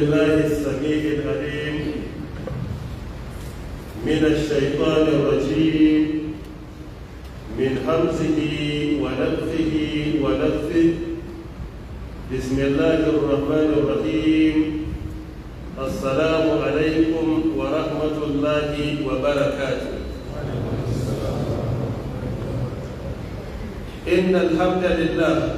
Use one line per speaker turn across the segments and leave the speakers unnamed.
بالله السميع العليم من الشيطان الرجيم من همزه ونفخه ونفثه بسم الله الرحمن الرحيم السلام عليكم ورحمة الله وبركاته إن الحمد لله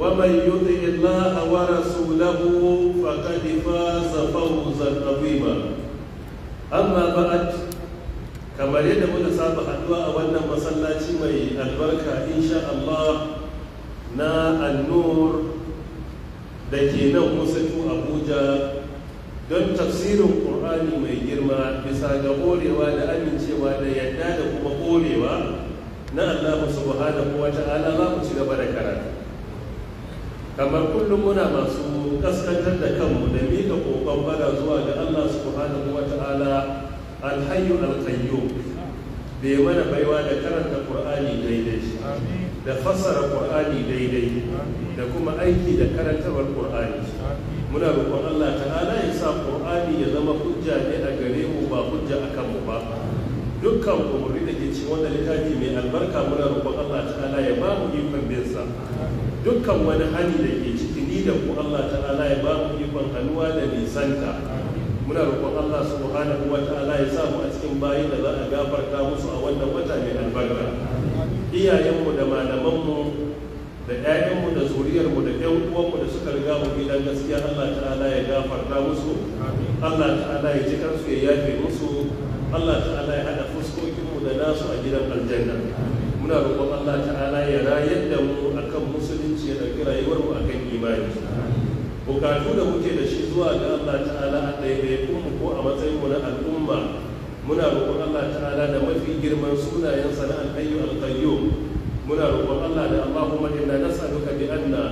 ومن يطع الله ورسوله فقد فاز فوزا عظيما اما بعد kamar yadda muka saba haduwa a wannan masallaci mai albarka insha Allah na annur da ke nan musatu abuja don tafsirin ƙur'ani mai girma bisa ga ƙorewa da amincewa da yadda da kuma ƙorewa na Allah subhanahu wa ta'ala za mu ci gaba da karatu kamar kullum muna masu kaskantar da kanmu da miƙa kokon bara zuwa ga Allah subhanahu wa ta'ala alhayyu alqayyum da mana baiwa da karanta qur'ani daidai da fassara qur'ani daidai da kuma aiki da karantar qur'ani muna roƙon Allah ta'ala ya sa qur'ani ya zama hujja ne a gare mu ba hujja a kanmu ba dukkan umarni da ke cikin wannan littafi mai albarka muna roƙon Allah ta'ala ya ba mu ikon bin sa dukkan wani hali da ke ciki ni da ku Allah ta'ala ya ba mu ikon hannuwa da nisanta muna roƙon Allah subhanahu wa ta'ala ya samu mu a cikin bayi da za a gafarta musu a wannan wata mai albarka iyayenmu da malamanmu da 'ya'yanmu da zuriyarmu da 'yan uwanmu da suka riga mu gidan gaskiya Allah ta'ala ya gafarta musu Allah ta'ala ya ji kansu ya yafe musu Allah ta'ala ya hada fuskokinmu da nasu a gidan aljanna muna roƙon Allah ta'ala ya rayar da mu akan musulunci ya ɗauki rayuwar mu akan imani bukatu da muke da shi zuwa ga Allah ta'ala a ɗaiɗaikun mu ko a matsayin mu na al'umma muna roƙon Allah ta'ala da mafi girman sunayen sana'ar ayyu al-qayyum muna roƙon Allah da Allahumma inna nas'aluka bi anna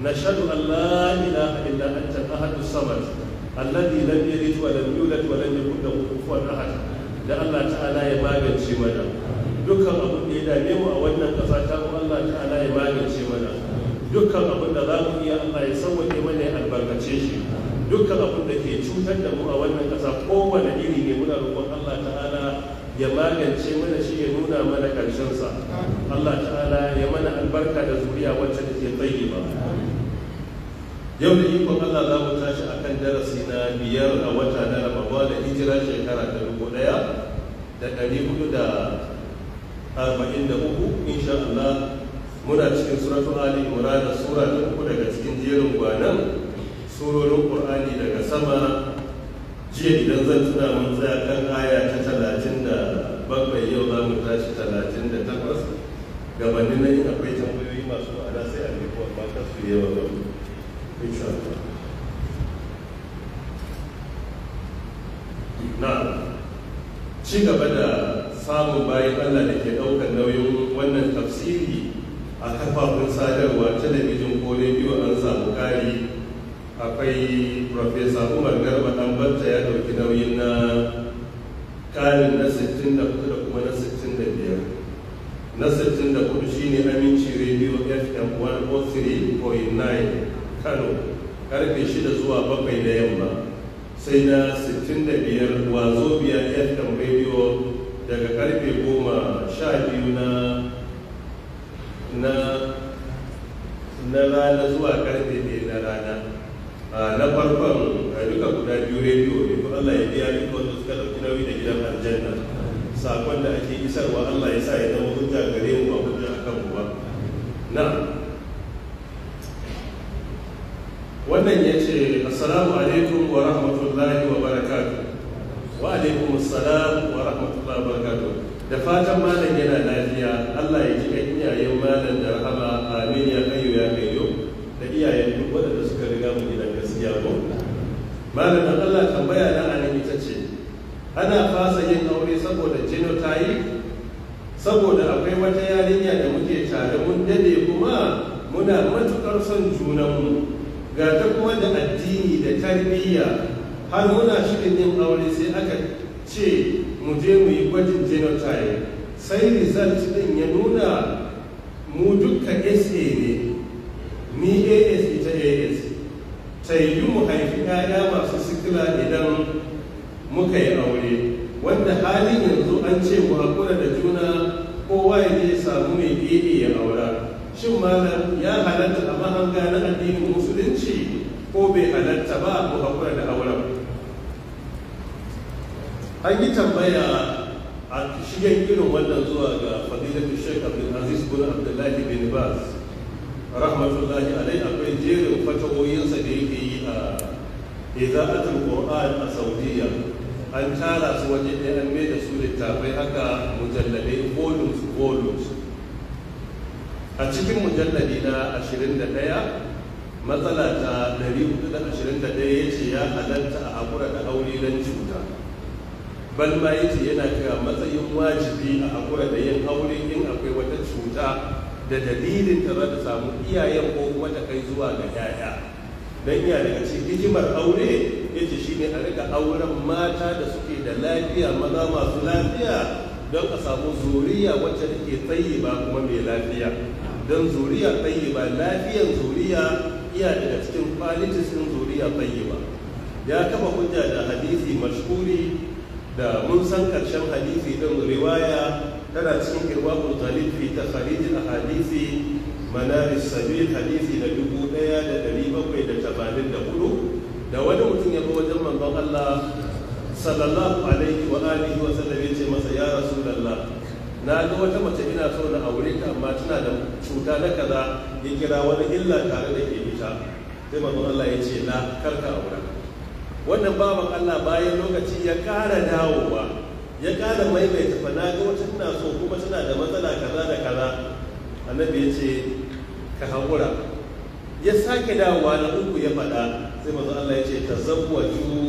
nashhadu an la ilaha illa anta ahadus samad alladhi lam yalid wa lam yulad wa lam yakul lahu kufuwan ahad da Allah ta'ala ya magance mana dukkan abin da ya dame mu a wannan ƙasa ta mu Allah ta'ala ya magance mana dukkan abin da za mu iya Allah ya sauwaƙe mana ya albarkace shi dukkan abin da ke cutar da mu a wannan ƙasa kowane iri ne muna roƙon Allah ta'ala ya magance mana shi ya nuna mana sa. Allah ta'ala ya mana albarka da zuriya wacce take tayyiba yau da ikon Allah za mu tashi akan darasi na biyar a wata na Ramadan da hijira shekara ta dubu ɗaya da ɗari hudu da arba'in da uku insha Allah muna cikin suratul ali imran sura ta uku daga cikin jerin gwanan surorin qur'ani daga sama jiya idan zan tuna mun tsaya kan aya ta talatin da bakwai yau za mu tashi talatin da takwas gabanin nan akwai tambayoyi masu ma'ana sai a miko amma kar su yawa ba insha Allah na ci gaba da samun bayan Allah da ke ɗaukar nauyin wannan tafsiri a kafafun sadarwa talabijin ko biyu an samu kari akwai Profesa Umar Garba dan Batta ya ɗauki nauyin na karin na 64 da kuma na 65 na 64 shine aminci radio fm 103.9 kano karfe 6 zuwa 7 na yamma sai na 65 biya fm radio daga karfe goma sha biyu na na rana zuwa karfe ne na rana na farkon duka guda biyu rediyo ne ko Allah ya biya duk wanda suka ɗauki nauyi da gidan aljanna sakon da ake isarwa Allah ya sa ya zama hujja gare mu ba hujja a kan ba na wannan ya ce assalamu alaikum wa rahmatullahi wa barakatu wa alaikum assalam wa rahmatullahi da fatan malam yana lafiya Allah ya ji kan iyayen malam da rahama amin ya kayo ya kayo da iyayen duk waɗanda suka riga mu gidan gaskiya ko malam da Allah tambaya na anan ita ce ana fasa yin aure saboda yi? saboda akwai wata yarinya da muke tare mun dade kuma muna matukar son junanmu ga ta kuma da addini da tarbiyya har muna shirin yin aure sai aka ce mu je mu yi gwajin genotype sai result din ya nuna mu duka sa ne ni as ita as ta yi mu haifi 'ya'ya masu sikila idan muka yi aure wanda halin yanzu an ce mu hakura da juna kowa ya je samu mai ɗebe ya aura shin malam ya halatta a mahanga na addinin musulunci ko bai halatta ba mu hakura da auren an yi tambaya a shigen irin wannan zuwa ga da shek abin aziz bin abdullahi bin baz rahmatullahi alai akwai jerin fatawoyinsa da yake yi a iza'atul qur'an a saudiya an tara su waje ɗaya an mai da su littafai haka mujallabe volumes volumes a cikin mujalladi na 21 matsala ta 421 ya ce ya halatta a haƙura da aure don cuta bal ma yace yana kira matsayin wajibi a haƙura da yin aure in akwai wata cuta da dalilin ta za ta samu iyayen ko kuma ta kai zuwa ga yaya dan iya daga cikin hikimar aure yace ne a rika auren mata da suke da lafiya maza masu lafiya don a samu zuriya wacce take tsayi ba kuma mai lafiya don zuriya tsayi ba lafiyan zuriya iya daga cikin kwalitis ɗin zuriya tsayi ba ya kafa hujja da hadisi mashhuri da mun san karshen hadisi din riwaya tana cikin irwaqul talib fi takhrij al ahadisi Manari, sabil hadisi da dubu ɗaya da dari bakwai da tabanin da hudu da wani mutum ya wajen manzon Allah sallallahu alaihi wa alihi wa sallam yace masa ya rasulullah na ga wata mace ina so na aure ta amma tana da cuta na kaza ya kira wani illa tare da ke ita sai manzon Allah ya ce la karka aura wannan baban Allah bayan lokaci ya ƙara dawowa ya kara maimaita fa na ga wata tana so kuma tana da matsala kaza da kaza annabi ya ce ka haƙura ya sake dawowa na uku ya faɗa sai mazan Allah ya ce ta tazawwaju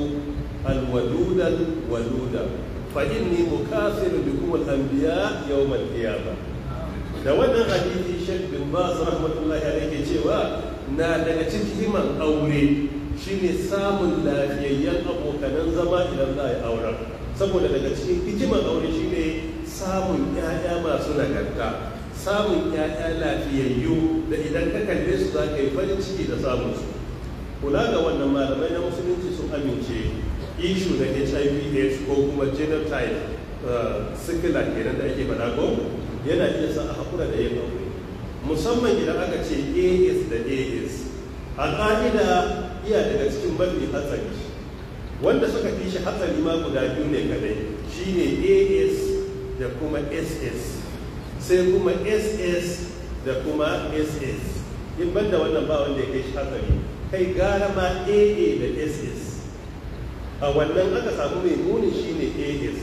alwaludan waluda fa mu mukasiru bikum kuma tambiya yau malkiya ba da wannan hadisi Sheikh bin su rahmatullahi alayhi cewa na daga cikin himan aure shine samun lafiyayyen abokanan zama idan za a yi auren saboda daga cikin hijiman aure shine samun 'ya'ya masu nagarta samun 'ya'ya lafiyayyu da idan ka kalle su za ka yi farin ciki da samun su kula ga wannan malamai na musulunci sun amince ishu da hiv aids ko kuma genotype sikila eh, kenan da ake faɗa ko yana iya sa a haƙura da yin aure musamman idan aka ce as da as a ƙa'ida iya daga cikin mafi hatsari wanda suka fi shi hatsari ma guda biyu ne kadai shine as da kuma ss sai kuma ss da kuma ss in banda wannan ba wanda ya kai shi hatsari kai gara ma aa da ss a wannan aka samu mai muni shine as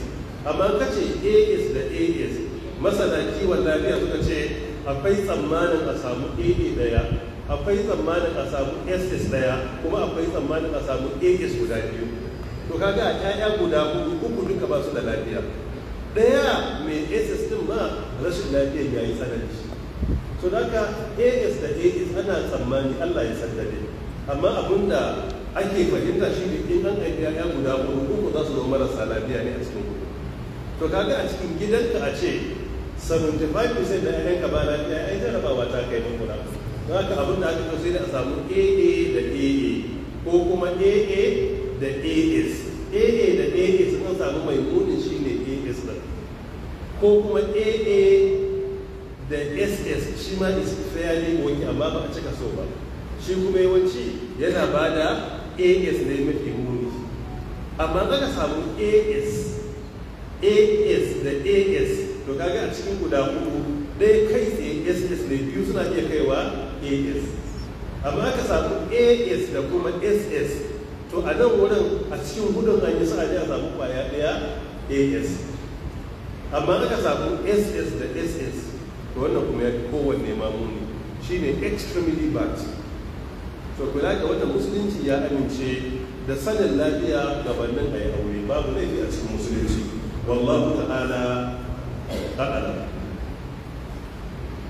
amma kace as da as masana kiwon lafiya suka ce akwai tsammanin a samu aa daya akwai tsammanin a samu ss daya kuma akwai tsammanin a samu as guda biyu to kaga a ƴaƴa guda hudu uku duka ba su da lafiya daya mai ss din ma rashin lafiya ya yi tsanani to daga as da as ana tsammani allah ya san dade amma abin da ake fahimta shi ne in an haifi ƴaƴa guda hudu uku za su zama marasa lafiya ne a cikin hudu to kaga a cikin gidanka a ce 75% da ƴaƴanka ba lafiya ai jarabawa ta kai makura don haka abin da aka so sai da a samu aa da aa ko kuma aa da as aa da as mun samu mai shi shine as da ko kuma aa da ss shi ma is fairly wanki amma ba a cika so ba shi kuma yawanci yana ba da as ne mafi muni amma aka samu as as da as to kaga a cikin guda hudu ɗaya kai tsaye ss ne biyu suna iya kaiwa as amma aka samu as da kuma ss to a nan wurin a cikin gudun an yi sa a samu kwaya daya as amma aka samu ss da ss to wannan kuma ya kowanne mamuni shine extremely bad to kula ga wata musulunci ya amince da sanin lafiya gabanin a yi aure babu laifi a cikin musulunci wallahu ta'ala ta'ala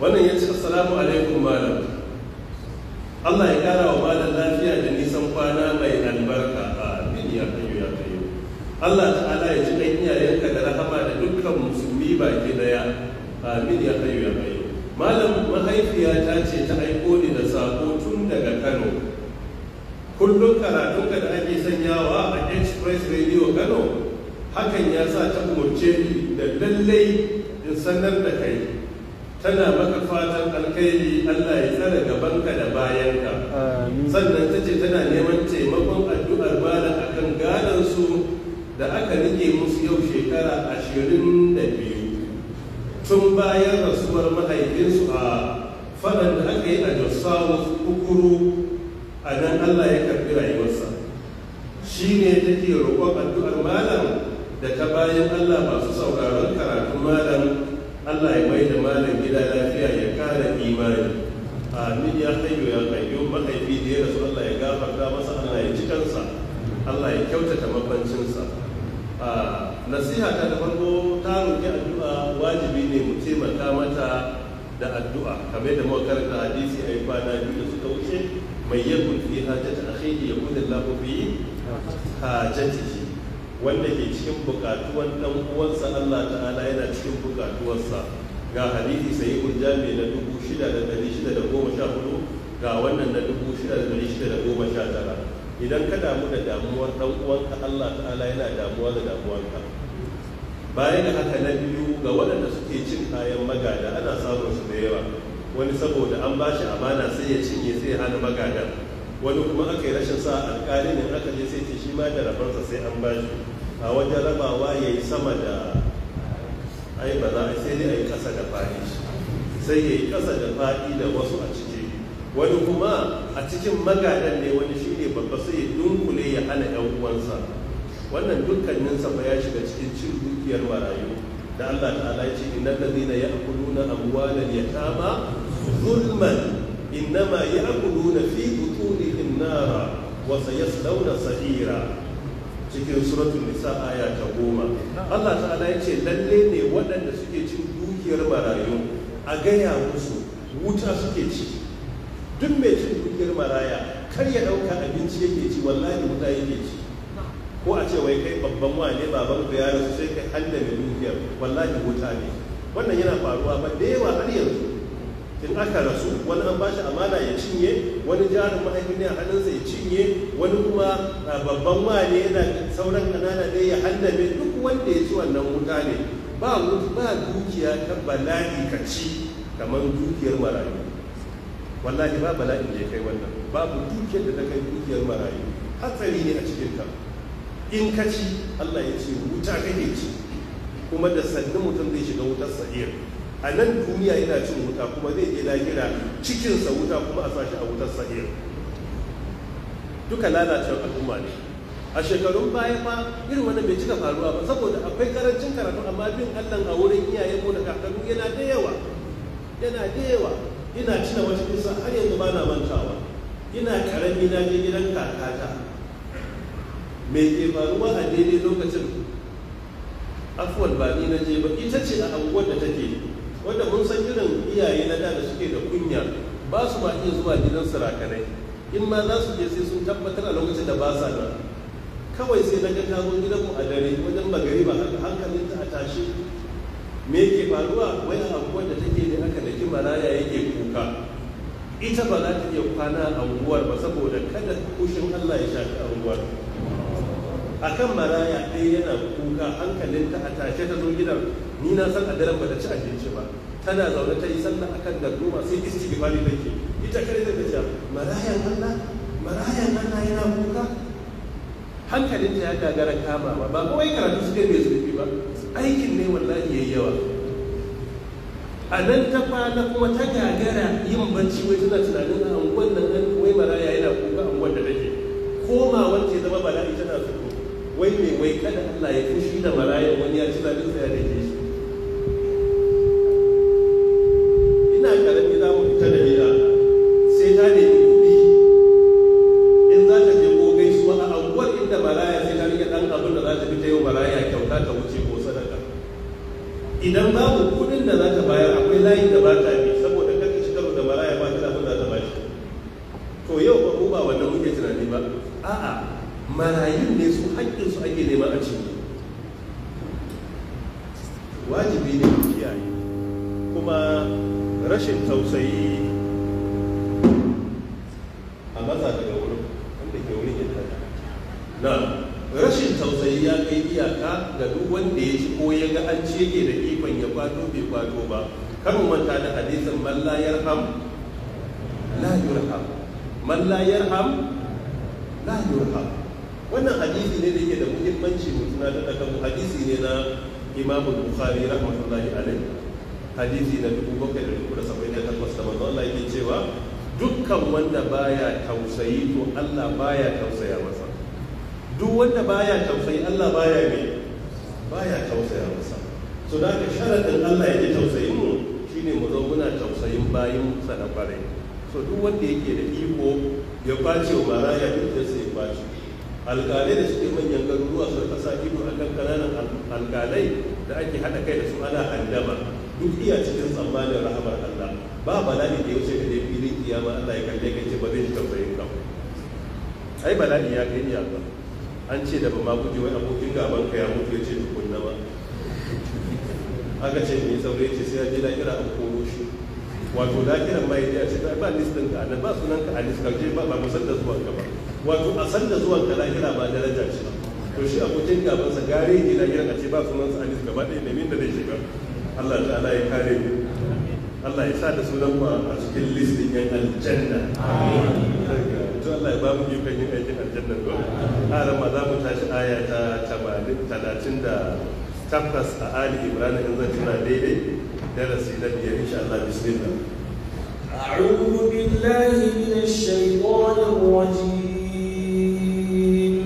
wannan ya ce assalamu alaikum malam Allah ya kara wa malam lafiya da nisan kwana mai albarka a bin ya kayo ya kayo Allah ta'ala ya ji kan iyayenka da rahama da dukkan musulmi baki daya amin ya kayo ya kayo malam mahaifiya ta ce ta aiko ni da sako tun daga Kano kullum karatun ka da ake sanyawa a express radio Kano hakan ya sa ta umarce da lallai in sanar da kai tana maka fatan alkhairi Allah ya tsare gabanka da bayanka sannan ta ce tana neman taimakon addu'ar bala kan kan su da aka rike musu yau shekara ashirin da biyu tun bayan rasuwar mahaifinsu a faɗan da aka yi a Josawu kukuru a nan Allah ya karfi rayuwarsa shi ne take roƙon addu'ar malam da ta bayan Allah masu sauraron sami ya hayyu ya qayyum mahaifi da ya rasu Allah ya gafarta masa Allah ya cikansa Allah ya kyautata mabancinsa ah, nasiha ta da farko ta roki addu'a wajibi ne mu taimaka mata da addu'a kamar da muka karanta hadisi a kwana biyu da suka wuce mai yakun fi hajjata akhihi yakun Allahu fi hajjatihi wanda ke cikin bukatuwan dan uwansa Allah ta'ala yana cikin bukatuwarsa ga hadisi sai jami na 6614 ga wannan na 6619 idan ka damu da damuwar dan uwanka Allah ta'ala yana damuwa da damuwanka bayan da haka na biyu ga waɗanda suke cin kayan magada ana samun su da yawa wani saboda an ba shi amana sai ya cinye sai ya hana magada wani kuma aka yi rashin sa alƙalin ne aka je sai ce shi ma da rabarsa sai an ba shi a wajen rabawa ya yi sama da ai ba za a sai dai a yi ƙasa da faɗi sai ya yi ƙasa da faɗi da wasu a ciki wani kuma a cikin magadan ne wani shi ne babba sai ya dunkule ya hana yan uwansa wannan dukkaninsa ba ya shiga cikin cin dukiyar marayu da Allah ta'ala ya ce innal ladina ya'kuluna amwalal yatama zulman innama ya'kuluna fi butunihim nara wa sayaslawna sa'ira cikin suratun nisa aya ta goma Allah ta'ala ya ce lalle ne waɗanda suke cin dukiyar marayu a gaya musu wuta suke ci duk mai cin dukiyar maraya kar ya ɗauka abinci yake ci wallahi wuta yake ci ko a ce wai kai babban wane baban ku ya rasu sai kai hannun dukiyar wallahi wuta ne wannan yana faruwa ba da yawa har yanzu in aka rasu wani an bashi amana ya cinye wani jarin ma'aikata a hannunsa ya cinye wani kuma babban wane yana sauran kanana ne ya handame duk wanda ya ci wannan wuta ne ba ba dukiya ta bala'i ka ci kamar dukiyar marayu wallahi ba bala'i da ya kai wannan babu dukiyar da ta kai dukiyar marayu hatsari ne a cikin ka in ka ci Allah ya ce wuta kake ci kuma da sannu mutum zai shiga wutar sa'ir a nan duniya yana cin wuta kuma zai je lahira cikinsa wuta kuma a sashi a wutar sahir duka lalacewar al'umma ne a shekarun baya ma irin wannan bai cika faruwa ba saboda akwai karancin karatu amma bin allan a wurin iyaye ko da kakannu yana da yawa yana da yawa ina cina wata kusa, har yanzu ba na mantawa ina karami na je gidan kakata me ke faruwa a daidai lokacin afuwar ba ni na je ba ita ce a abubuwan da take wanda mun san irin iyaye na da suke da kunya ba su ma iya zuwa gidan sarakanai in ma za su je sai sun tabbatar a lokacin da ba sa da kawai sai na ga ta zo gidan mu a dare wajen ba haka hankalin ta a tashi me yake faruwa wai abu da take ne aka daki maraya yake kuka ita ba za ta iya kwana a unguwar ba saboda kada kushin Allah ya shafi unguwar akan maraya ɗaya yana kuka ta a tashe ta zo gidan ni na san a daren ba ta ci abinci ba tana zaune ta yi sallah akan goma sai istighfari take ita kare da ta marayan Allah marayan Allah yana kuka ta ya gagara kama ba ba kawai karatu su bai zurfi ba aikin ne wallahi yayi yawa a nan ta kwana kuma ta gagara yin bacci wai tana tunanin a unguwan nan an wai maraya yana kuka unguwan da take koma wanda ya zama bala'i tana tsoro wai mai wai kada Allah ya fushi da marayan wani ya ci zalunsa ya rage shi cewa dukkan wanda baya tausayi to Allah baya tausaya masa duk wanda baya tausayi Allah baya ne baya tausaya masa so da ka sharadin Allah yake tausayi mu shine mu zo muna tausayin bayin sa na kwarai so duk wanda yake da iko ya bace wa baraya duk sai ya bace alƙalai da suke manyan garuruwa su kasa ido akan kananan alƙalai da ake haɗa kai da su ana handama duk iya cikin tsammanin rahamar Allah ba bala'i da yaushe ka je filin kiyama Allah ya kalle ka ce ba zai shiga bayan ka ai bala'i ya kai ni Allah an ce da ba ma guje wai abokin gaban ka ya mutu ya ce kunna ba aka ce ni saurayi ce sai ya je kira an koro shi wato kiran ma ya ce ba listin ka nan ba sunan ka a listin ka ba ba musan da zuwan ka ba wato a san da zuwan ka lahira ba daraja ce to shi abokin gaban sa gare ne lahira a ce ba sunan sa a listin gaba ɗaya ne min da zai shiga Allah ta ala ya kare mu Allah ya sa da sunan mu a cikin listin yan aljanna to Allah ya ba mu yukan yin aikin aljanna to ala ma za mu tashi aya ta 30 da tabbas a ali ibrahim in zan tuna daidai darasi na biyar insha Allah bismillah
a'udhu billahi minash الشيطان الرجيم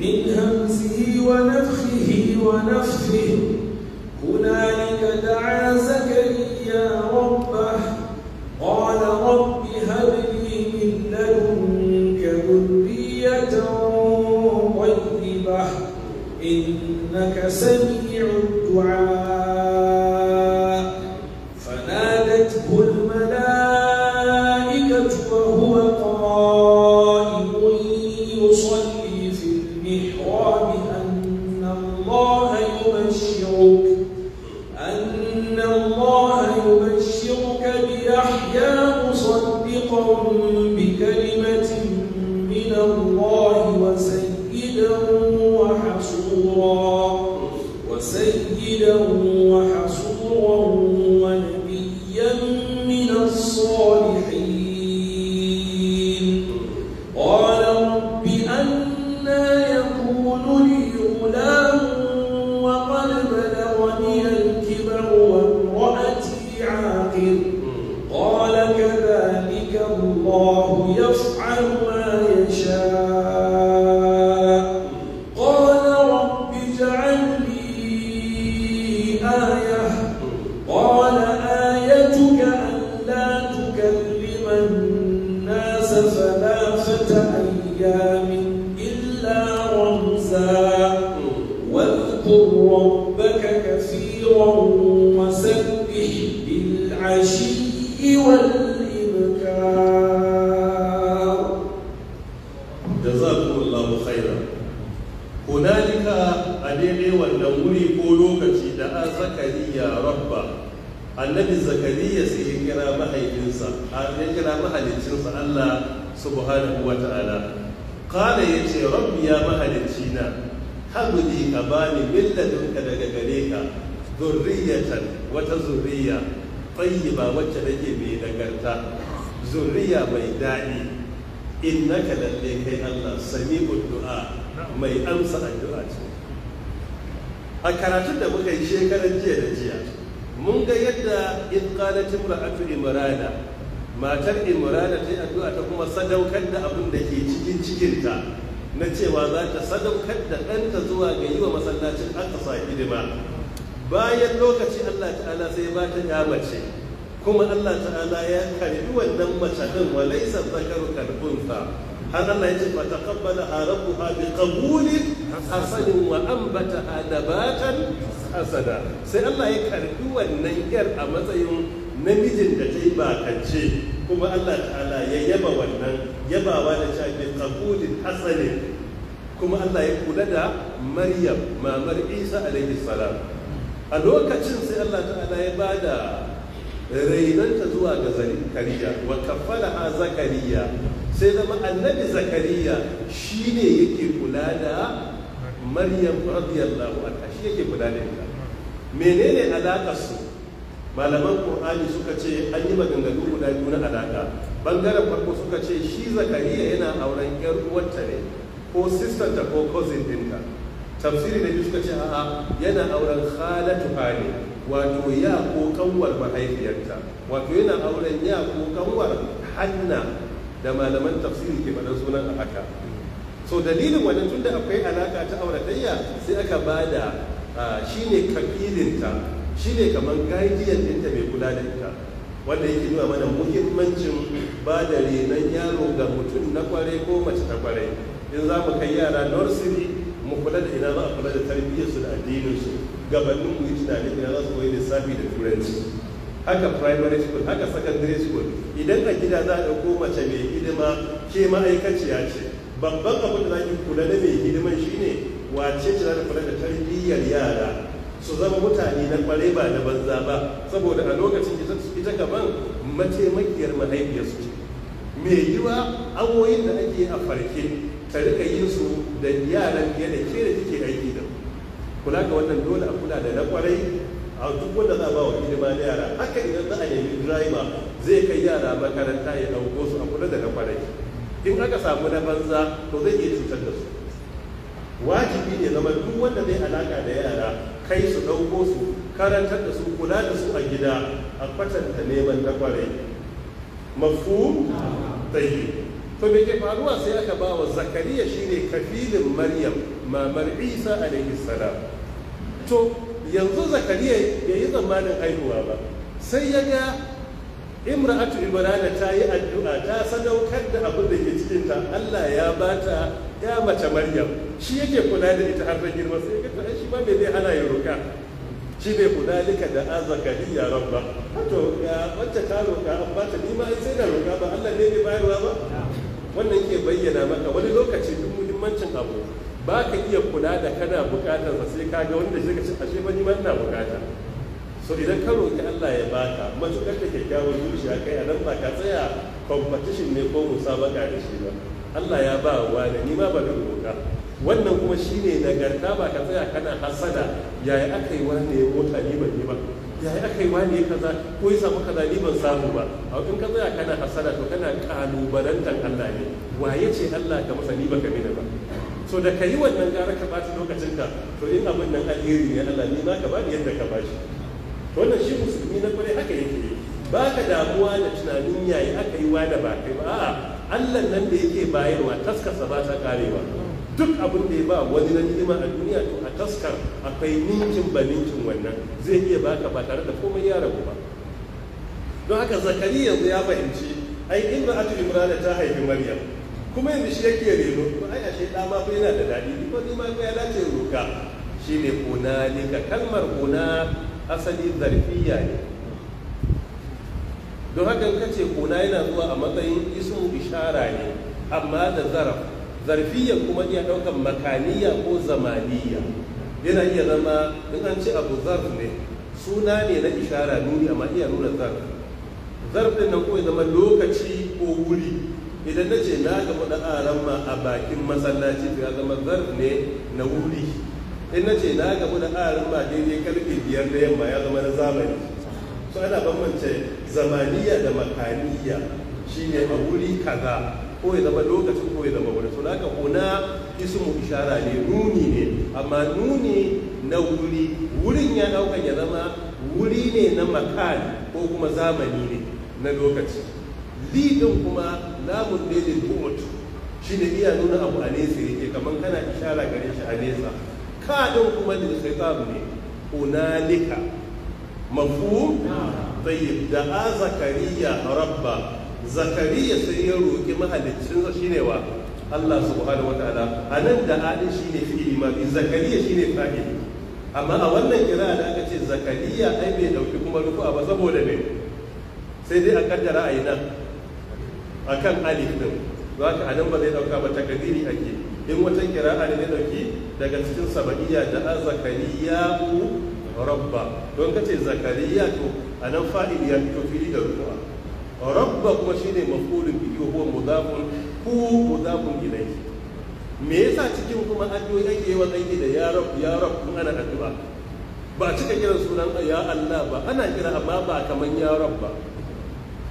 من همزه ونفخه ونفثه
yi addu'a ta kuma sadaukar da abin da ke cikin cikinta na cewa za ta sadaukar da ɗanta zuwa ga yi wa masallacin akasa hidima bayan lokaci Allah ta'ala sai ba ta ya mace kuma Allah ta'ala ya karbi wannan mace ɗin wa laysa zakaru kal har Allah ya ce fa taqabbala rabbuha bi qabulin hasanin wa anbataha nabatan hasada sai Allah ya karbi wannan yar a matsayin namijin da ta yi bakance kuma Allah ta'ala ya yaba wannan yabawa da cewa bi qabulin hasanin kuma Allah ya kula da Maryam mamar Isa alaihi salam a lokacin sai Allah ta'ala ya bada rainanta zuwa ga Zakariya wa a Zakariya sai zama annabi Zakariya shine yake kula da Maryam radiyallahu anha shi yake kula da ita menene alakar su malaman qur'ani suka ce an yi maganganu guda biyu na alaƙa. bangaren farko suka ce shi zakariya yana auren yar uwarta ne ko sister ta ko cousin dinta tafsiri da biyu suka ce a'a yana auren khalatu ne wato ya ko kanwar mahaifiyarta wato yana auren ya ko kanwar hanna da malaman tafsiri ke faɗin sunan a haka so dalilin wannan tunda akwai alaƙa ta auratayya sai aka ba da ah, shi shine kafilinta shi ne kamar gajiyan ɗinta mai kula da ita wanda yake nuna mana muhimmancin ba da renon yaro ga mutum na kwarai ko mace ta kwarai in za mu kai yara nursery mu kula da ina za a kula da tarbiyyarsu da addininsu gabanin mu yi tunanin ina za su koyi lissafi da turanci haka primary school haka secondary school idan a gida za a ɗauko mace mai hidima ke ma'aikaciya ce babban abin da za ki kula da mai hidiman shine wace ce za ta kula da tarbiyyar yara su zama mutane na kware ba da banza ba saboda a lokacin ita kaman mataimakiyar mahaifiyarsu ce mai yiwa awoyin da ake a farke ta rika yin su da yaran fiye da ke da kike aiki da kula ga wannan dole a kula da na kwarai a duk wanda za ba wa hidima na yara haka idan za a nemi driver zai kai yara makaranta ya dauko su a kula da na kwarai in aka samu na banza to zai iya cutar da su wajibi ne zama duk wanda zai alaka da yara kai su ɗauko su karantar da su kula da su a gida a kwatanta neman na kware mafu tsaye to me ke faruwa sai aka ba wa zakariya shine kafilin maryam mamar isa alaihi salam to yanzu zakariya bai yi tsammanin haihuwa ba sai ya ga imra'atu ibrana ta yi addu'a ta sadaukar da abin da ke cikinta allah ya bata ya mace maryam shi yake kula da ita har ta girma sai ka ta shi ba mai zai hana ya roka shi ne duka da ya rabba wato ya wacce ta roka an ba ta ni ma sai da roka ba Allah ne bai bayarwa ba wannan ke bayyana maka wani lokaci duk muhimmancin abu ba ka iya kula da kana bukatar sa sai ka ga wanda shi ka ce ashe ba ni ma ina bukata so idan ka roki Allah ya baka matukar da kyakkyawar zuciya kai a nan ba ka tsaya competition ne ko musabaka da shi ba Allah ya ba wa da ni ma ba da roƙa wannan kuma shine nagarta ba ka tsaya kana hasada Yayi aka yi wani ya mota ni ban yi ba Yayi aka yi wani ya kaza ko ya samu kaza ni ban samu ba a in ka tsaya kana hasada to kana kalubalantar Allah ne Wa ya ce Allah ka masa ni ka mina ba so da ka yi wannan gara ka bata lokacin ka to in abin nan alheri ne Allah ni ma ka ba ni yadda ka bashi to wannan shi musulmi na kwarai haka yake ba ka damuwa da tunanin yayi aka yi wa ba kai ba a'a Allah nan da yake bayarwa taskarsa ba ta karewa duk abin da ya ba wani na ni'ima a duniya to a taskar akwai ninkin ba ninkin wannan zai iya baka ba tare da komai ya rabu ba don haka zakari yanzu ya fahimci ai ba atu imrana ta haifi maryam kuma yanzu shi yake reno to ai ashe da ma fa yana da dadi ko ni ma ya dace roka shine ka kalmar kuna asali zarfiya ne don hakan ka ce kona yana zuwa a matsayin ismu ishara ne amma da zaraf zarfiya kuma iya ɗaukan makaniya ko zamaniya yana iya zama in an ce abu zarf ne suna ne na ishara nuni amma iya nuna zarf zarf din nan ko ya zama lokaci ko wuri idan na ce na ga da aran ma a bakin masallaci to ya zama zarf ne na wuri in na ce na ga da aran ma daidai karfe biyar da yamma ya zama na zamani so ana bambance zamaniya da makaniya shine a wuri kaza ko ya zama lokacin ko ya zama wuri to haka kuna ismu ishara ne nuni ne amma nuni na wuri wurin ya daukan ya zama wuri ne na makani ko kuma zamani ne na lokaci lidin kuma namun ne da shi ne iya nuna abu a nesa yake kamar kana ishara gare shi a nesa kadin kuma da shaitan ne hunalika mafu tayyib da a zakariya rabba zakariya sai ya roƙi mahaliccinsa shine wa Allah subhanahu wa ta'ala a nan da adin shi ne fi'ili mafi zakariya shi ne fa'ili amma a wannan kira da aka ce zakariya ai bai dauki kuma rufu'a ba saboda ne sai dai a kaddara a yi nan a kan alif din za ka a nan ba zai dauka ba ta takadiri ake in wata kira ne zai dauki daga cikin sabaiya da a zakariya rabba don kace zakariya to anan fa'il ya fito fili da ruwa rabba kuma shine maf'ulun bihi wa huwa mudafun ku mudafun ilayhi me yasa cikin kuma addu'o'i ake yawan aiki da ya rabb ya rabb kun ana addu'a ba cika kiran sunan ya Allah ba ana kira amma ba kaman ya rabba ba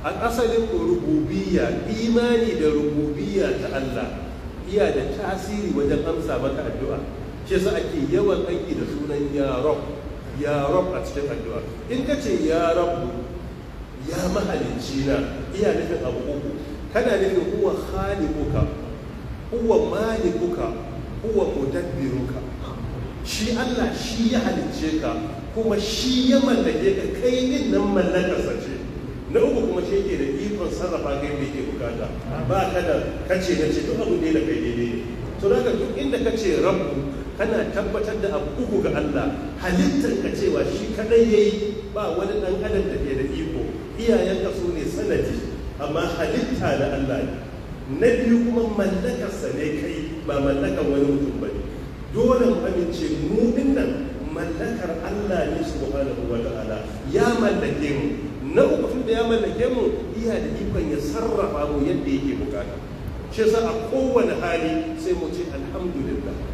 an asalin rububiyya imani da rububiyya ta Allah iya da tasiri wajen amsa maka addu'a shi yasa ake yawan aiki da sunan ya rabb ya rab a cikin addu'a in ka ce ya rabu ya mahalicci na iya nufin abu uku kana nufin huwa khaliquka huwa malikuka huwa mudabbiruka shi Allah shi ya halicce ka kuma shi ya mallake ka kai din nan mallakarsa ce na uku kuma shi yake da ikon sarrafa kai da ke bukata ba ka da kace na ce duk abu ne da kai daidai ne. to daga duk inda kace rabbu kana tabbatar da abu uku ga Allah halittar ka cewa shi kadai yayi ba wani dan adam da ke da iko iyayenka su ne sanadi amma halitta da Allah ne na biyu kuma mallakarsa ne kai ba mallakar wani mutum ba ne dole mu amince mu dinnan mallakar Allah ne subhanahu wa ta'ala ya mallake mu na uku tun da ya mallake mu iya da ikon ya sarrafa mu yadda yake bukata shi yasa a kowane hali sai mu ce alhamdulillah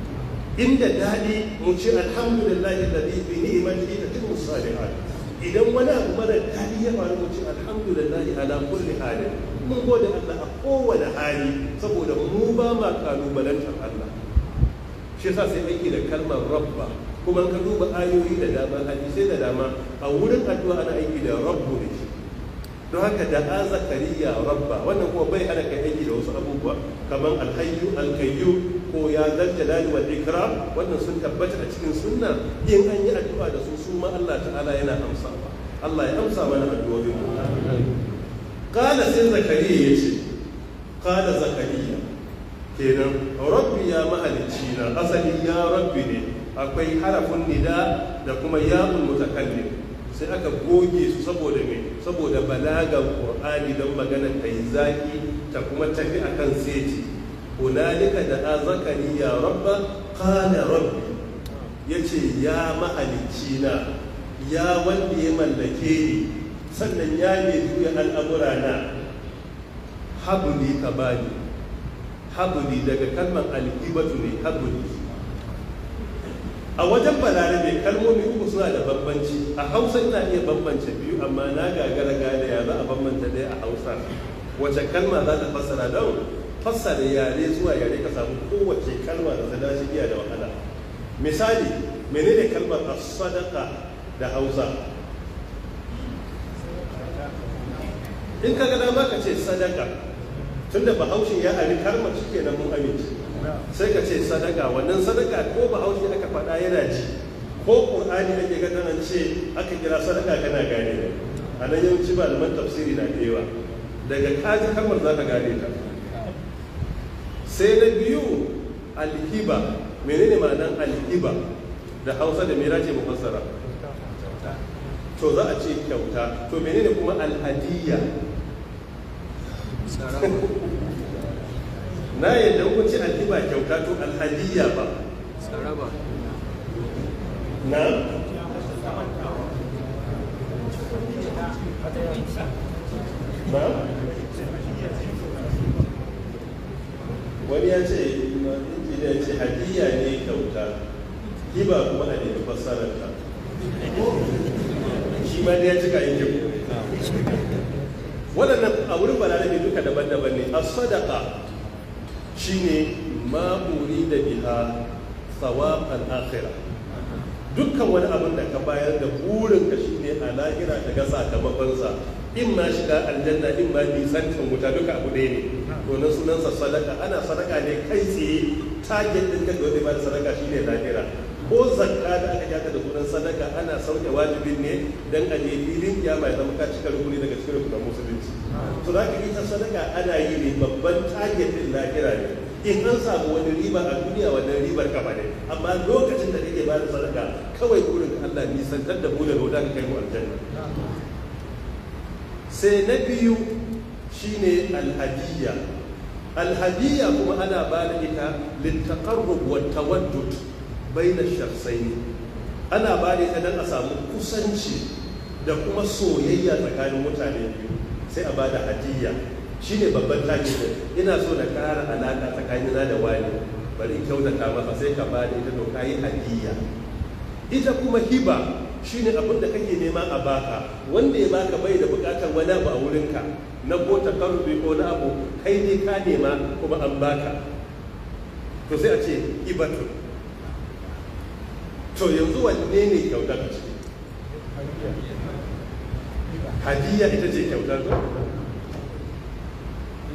inda daɗi mu ce alhamdulillahi ladhi bi ni'matihi tatimmu salihat idan wani abu mara daɗi ya faru mu ce alhamdulillahi ala kulli halin mun gode Allah a kowane hali saboda mu ba ma kalubalantar Allah shi yasa sai aiki da kalmar rabba kuma ka duba ayoyi da dama hadisai da dama a wurin addu'a ana aiki da rabbu da shi don haka da a zakariya rabba wannan kuma bai hana kai aiki da wasu abubuwa kamar alhayyu alkayyu ko ya zarta jalali wa ikra wannan sun tabbata a cikin sunna in an yi addu'a da su su ma Allah ta'ala yana amsawa Allah ya amsa mana addu'o'in mu qala sai zakariya yace qala zakariya kenan rabbi ya mahalicci na asali ya rabbi ne akwai harafin nida da kuma ya'ul mutakallim sai aka goge su saboda me saboda balagan ƙur'ani don magana ta yi zaki ta kuma tafi a akan seti hunalika da ya rabba qala rabbi ya ce ya mahalicci na ya wanda ya mallake ni sannan ya ne juya al'amura na habuli ka bani habuli daga kalmar alhibatu ne habuli a wajen ne kalmomi uku suna da bambanci a hausa ina iya bambance biyu amma na gagara gane ya za a bambanta ɗaya a hausa wace kalma za ta fassara don fassara yare zuwa yare ka samu kowace kalma da ta dace iya da wahala misali menene kalmar a sadaka da hausa in ka ga dama ka ce sadaka tunda bahaushe ya ari kalmar shi kenan mun amince sai ka ce sadaka wannan sadaka ko ba haushi aka faɗa yana ji ko ƙur'ani ake ga nan ce aka kira sadaka kana gane ne a nan yawanci malaman tafsiri na da daga kaji kamar za ka gane ta sai na biyu alhiba menene ma'anar alhiba da hausa da mera ce mafassara? to za a ce kyauta to menene kuma alhadiyya na yadda hukunci ce ba kyauta to alhadiyya ba na na wani ya ce injiniya ce hadiyya ne kyauta hiba kuma a nemi fassararta shi ma ya cika yin jimu waɗannan a wurin balarabe duka daban-daban ne a sadaka shine uri da biha sawaban akhira dukkan wani abin da ka bayar da burin ka shine a lahira daga sakamakon sa in ma shiga aljanna in ma nisantan wuta duka abu ɗaya ne to sunan sa sadaka ana sadaka ne kai tsaye target ɗin ka dole ba sadaka shine lahira ko zakka da aka jata da sunan sadaka ana sauke wajibin ne dan a je filin kiyama ya zama ka cika rukuni daga cikin rukunan musulunci to za ka ita sadaka ana yi ne babban target din lahira ne in an samu wani riba a duniya wannan ribar ka ne amma lokacin da kake bada sadaka kawai gurin Allah nisantar da mu da roda ka kai mu aljanna sai na biyu shine alhadiyya alhadiyya kuma ana bada ita littaqarrub wa tawaddud baina shaksai ne ana ba da ita don a samu kusanci da kuma soyayya tsakanin mutane biyu sai a ba da hadiyya shine babban takin ina so da kara alaka na da wani bari in kyautata masa sai ka ba da ita to kayi hadiyya ita kuma hiba shine abin da kake nema a baka wanda ya baka bai da bukatar wani abu a wurinka na ko takarrubi ko na abu kai ne ka nema kuma an baka to sai a ce ibatun to yanzu wanne ne kyautar ce hadiya ita ce kyautar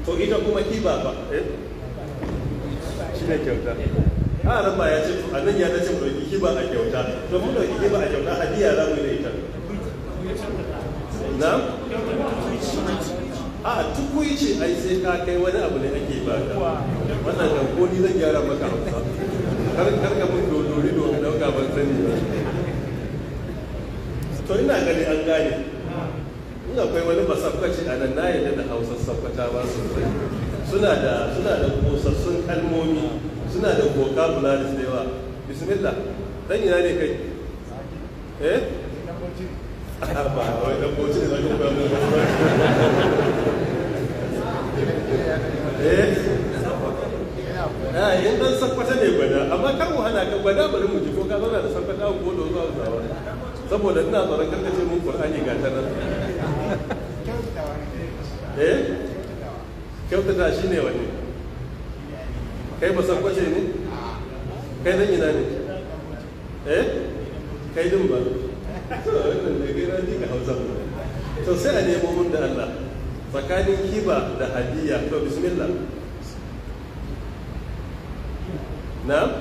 to ita kuma hiba ba eh? shi ne kyautar a ah, nan ba ya ce a nan ya dace mu ɗauki hiba a kyauta to mun ɗauki hiba a kyauta hadiya za mu yi da ita na a ah, tukuyi ce ai sai ka kai wani abu ne ake ba ka wannan kan ko ni zan gyara maka hausa kar ka mun ɗauka ban sani ba to ina gani an gane in akwai wani masafkaci a nan na yadda da hausa su sosai suna da suna da kosassun kalmomi suna da vocabularies da yawa bismillah dan ina ne kai eh ba wai da boci ne kuma koya eh ah yan dan sakwata ne gwada amma kar mu hana ka gwada bari mu ji zauna da sarfa ta ko da zuwa zawa saboda ina tsoron karka ce mun qur'ani ga ta nan eh kyautata shine wani kai ba sarkwace ne kai dan ina ne eh kai din ba to wannan ne gaira ji ka hausa to sai a nemo mun da Allah tsakanin kiba da hadiya to bismillah na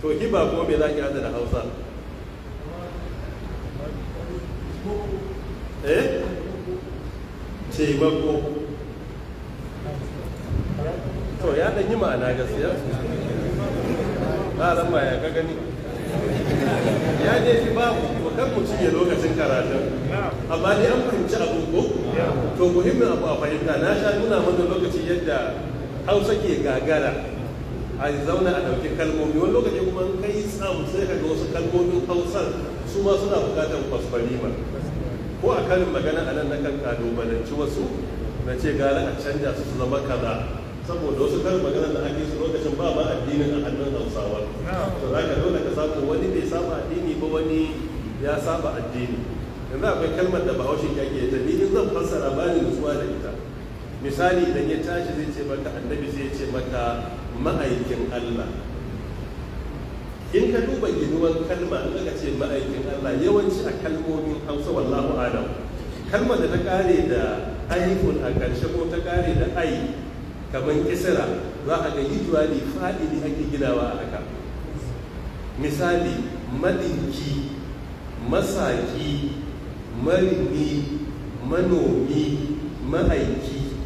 to hiba kuma me za ki hada da hausa eh taimako to ya ɗan yi ma'ana gaskiya ɗaran ma ya ka gani ya ne fi babu to kan mu cinye lokacin karatun amma dai an fahimci abu ko to muhimmin abu a fahimta na sha nuna mana lokaci yadda hausa ke gagara a zauna a ɗauki kalmomi wani lokaci kuma an kai samu sai ka ga wasu kalmomin hausar su ma suna kwasfari kwasfarima ko a karin magana a nan na kan kalubalanci wasu na ce gara a canja su zama kaza saboda wasu karin magana da ake su lokacin ba ma addinin a hannun hausawa to za ka dole ka samu wani bai saba addini ba wani ya saba addini yanzu akwai kalmar da bahaushe ke ta ni in zan fassara ba ni nutsuwa da ita misali idan ya tashi zai ce maka annabi zai ce maka ma'aikin Allah in ka duba ginuwar kalma in aka ce ma'aikin Allah yawanci a kalmomin Hausa wallahu Adamu kalma da ta kare da aifun a ƙarshe ko ta kare da ai kamar isra za a ga usually ne ake ginawa a haka misali madinki masaki marini manomi ma'aiki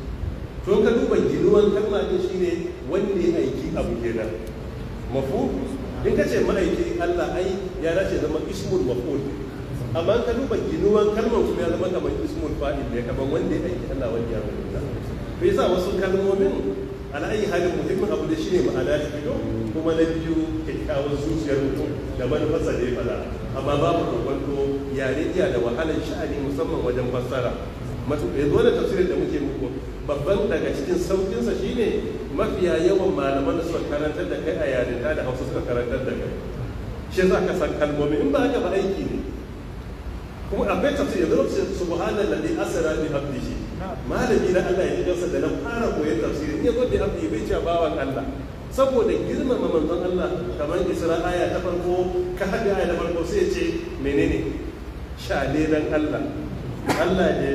to ka duba ginuwar kalma din ne. wanda ya aiki abu kenan mafu in ka ce ma'aiki Allah ai ya dace zama ismul mafu amma ka duba ginuwan kalmar kuma ya zama kamar ismul fa'il ne kamar wanda ya aiki Allah wani ya rubuta to yasa wasu kalmomin ala ayi halin muhimmin abu da shine ma'ana ta fito kuma na biyu kyakkyawan zuciyar mutum da manufarsa da ya fada amma babu kokwanto yare iya da wahalar sha'ani musamman wajen fassara matuƙa dole tafsirin da muke muku babban daga cikin saukinsa ne mafiya yawan malaman da suka karantar da kai a yarinta da hausa suka karantar da kai shi za ka san kalmomi in ba ka ba aiki ne kuma akwai tafsir yanzu lokacin subhanallahi asra bi abdihi malami na Allah ya jinsa da na fara koyon tafsiri in ya zo da abdi bai ce bawan Allah saboda girmama manzon Allah kamar Isra'a aya ta farko ka haɗe aya ta farko sai ce menene shale dan Allah Allah ne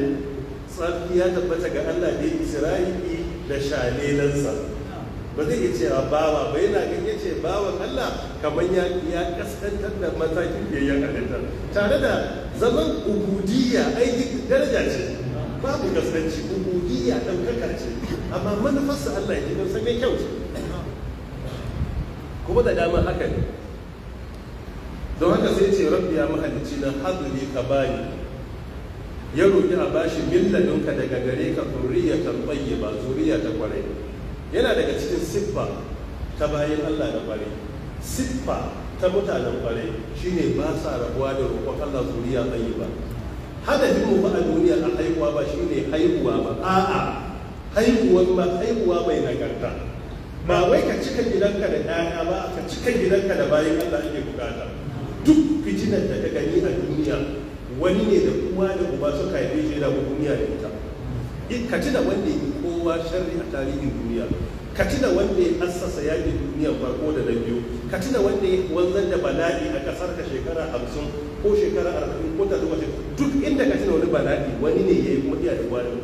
tsarki ya tabbata ga Allah da Isra'ili da shalelansa ba zai iya cewa bawa ba yana gan ya ce bawa Allah kamar ya kaskantar da matakin da ya halitta tare da zaman ubudiyya aiki daraja ce babu kaskanci ubudiyya ɗaukaka ce amma manufarsa Allah ya ji san mai kyau ce kuma da dama haka ne don haka sai ce rabbi ya mahalicci na ne ka bani ya roƙi a bashi milladunka daga gare ka zuriyatan ba zuriya ta kwarai yana daga cikin siffa ta bayan Allah da kwarai siffa ta mutanen kwarai shine ba sa rabuwa da roƙon Allah zuriya ba. hadafin mu ba a duniya a haihuwa ba shine haihuwa ba a'a haihuwa ma haihuwa mai nagarta ba wai ka cika gidanka da ɗaya ba ka cika gidanka da bayan Allah ake bukata duk fitinar da ka gani a duniya wani ne da uwa da uba suka haife shi da duniya da ita ka tuna wanda ya kowa sharri a tarihin duniya ka tuna wanda ya assasa yaƙin duniya farko da na biyu ka tuna wanda ya wanzar da bala'i a ƙasar ka shekara hamsin ko shekara arba'in ko ta lokacin duk inda ka tuna wani bala'i wani ne ya yi kuma iya da wani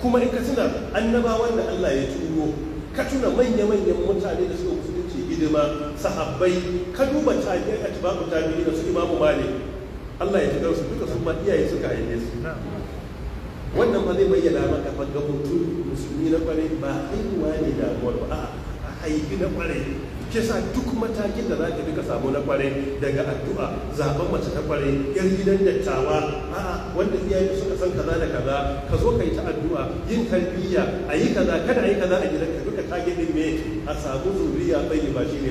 kuma in ka tuna annabawan da Allah ya turo ka tuna manya-manyan mutane da suka musulunci hidima sahabbai ka duba tabi'in ta tabi'in da su imamu malik Allah ya ji su duka sun ma iyaye suka haife su wannan ba zai bayyana maka fa ga mutum musulmi na kware ba haihuwa ne damuwar ba a haifi na kware kisa duk matakin da za ka duka samu na kware daga addu'a zaben mace ta kware 'yan gidan dattawa A wanda iyaye suka san kaza da kaza ka zo ka yi ta addu'a yin tarbiyya a yi kaza kada a yi kaza a gidan ka duka tage din me a samu zuriya yi ba shi ne